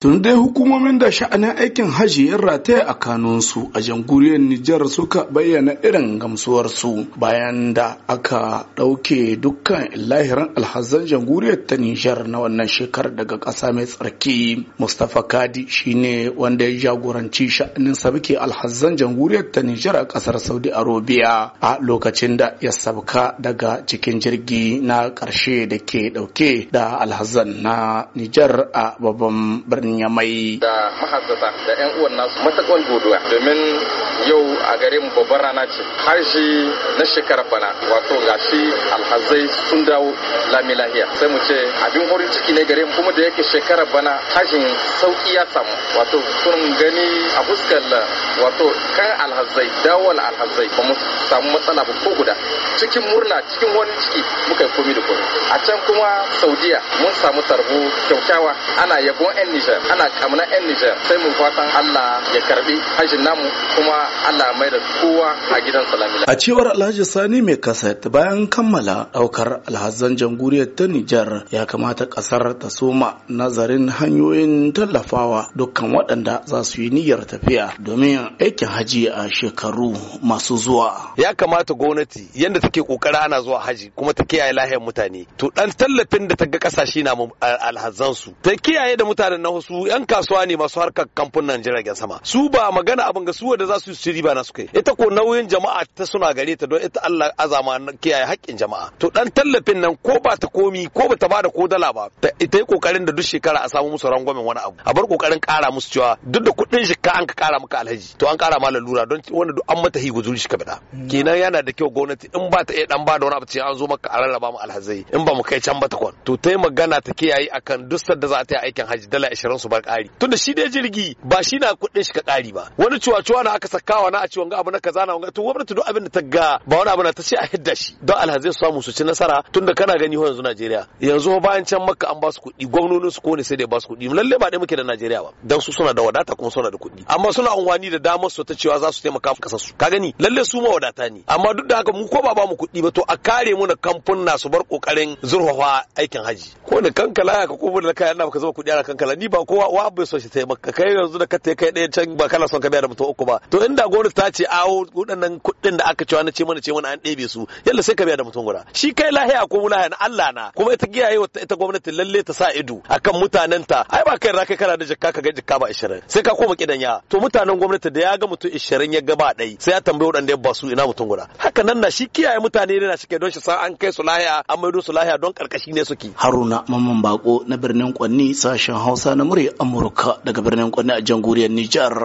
tun dai hukumomin da sha'anin aikin hajji ya rataya a kanunsu a jamhuriyar Nijar suka bayyana irin gamsuwarsu bayan da aka ɗauke dukkan lahiran alhazan jamhuriyar ta Nijar na wannan shekarar daga ƙasa mai tsarki. Mustapha Kadi shine wanda ya jagoranci sha'anin sabke alhazan jamhuriyar ta Nijar a ƙasar Saudi Arabia a lokacin da ya sabka daga cikin jirgi na ƙarshe da ke ɗauke da alhazan na Nijar a babban birnin ya mai Da mahazzata da 'yan uwan nasu matakon godowa domin yau a gare mu babban rana ce. shi na shekarar bana wato gashi alhazai sun dawo lami Sai mu ce abin horin ciki ne gare mu kuma da yake shekarar bana hajin sauki ya samu wato sun gani a fuskar wato kan alhazai dawowar alhazai ba mu samu matsala ba ko guda cikin murna cikin wani ciki muka yi komi da komi a can kuma saudiya mun samu tarbo kyaukyawa ana yabon yan nijar ana kamna 'yan Nijar sai mu fatan Allah ya karbi hajjin namu kuma Allah mai da kowa a gidan salamila. A cewar Alhaji Sani mai kaset bayan kammala daukar alhazan jamhuriyar ta Nijar ya kamata kasar ta soma nazarin hanyoyin tallafawa dukkan waɗanda za su yi niyyar tafiya domin aikin haji a shekaru masu zuwa. Ya kamata gwamnati yadda take kokari ana zuwa haji kuma ta kiyaye lahiyar mutane. To dan tallafin da ta ga kasashe na alhazansu ta kiyaye da mutanen na su yan kasuwa ne masu harkar kamfunan jiragen sama su ba magana abin ga su wanda za su yi riba na su kai ita ko nauyin jama'a ta suna gare ta don ita Allah azama kiyaye haƙƙin jama'a to dan tallafin nan ko ba ta komi ko ba ta ba da ko dala ba ita yi kokarin da duk shekara a samu musu rangwamen wani abu a bar kokarin kara musu cewa duk da kuɗin shika an ka kara maka alhaji to an kara ma lalura don wanda duk an mata hi shi ka bada mm. kenan yana da kyau gwamnati in ba ta iya dan ba da wani abu ce an zo maka a rarraba mu alhazai in ba mu kai can ba ta kwan to ta yi magana ta kiyaye akan duk sadda za ta yi aikin haji dala su bar ƙari tunda shi dai jirgi ba shi na kuɗin shi ka ƙari ba wani cuwa-cuwa na aka wa na a ciwon ga abu na kaza na wanga to gwamnati duk abin da ta ga ba wani abu na ta ce a hidda shi don alhazai su samu su ci nasara tunda kana gani ho yanzu Najeriya yanzu bayan can maka an ba su kuɗi gwamnonin su kone sai dai ba su kuɗi lalle ba dai muke da Najeriya ba dan su suna da wadata kuma suna da kuɗi amma suna unwani da damar su ta cewa za su taimaka kasar su ka gani lalle su ma wadata ne amma duk da haka mu ko ba ba mu kuɗi ba to a kare mu na na su bar kokarin zurfafa aikin haji ko ne kankala ka ko da na ka zama kuɗi ana kankala ni ba kowa wa bai so shi maka kai yanzu da ka tai kai ɗaya can ba kana son ka biya da mutum uku ba to inda gwamnati ta ce awo waɗannan kuɗin da aka cewa na ce mana ce mana an ɗebe su yalla sai ka biya da mutum guda shi kai lahiya ko lahiya na Allah na kuma ita giyaye ita gwamnati lalle ta sa ido akan mutanen ta ai ba kai raka kana da jikka ka ga jikka ba 20 sai ka koma kidan ya to mutanen gwamnati da ya ga mutum 20 ya ga ba dai sai ya tambaye waɗanda ya ba su ina mutum guda haka nan na shi kiyaye mutane ne na shi kai don shi sa an kai su lahiya an maido su lahiya don karkashi ne suke haruna mamman bako na birnin kwanni sashen hausa na murai Amurka daga birnin Kwanne a jamhuriyar Nijar.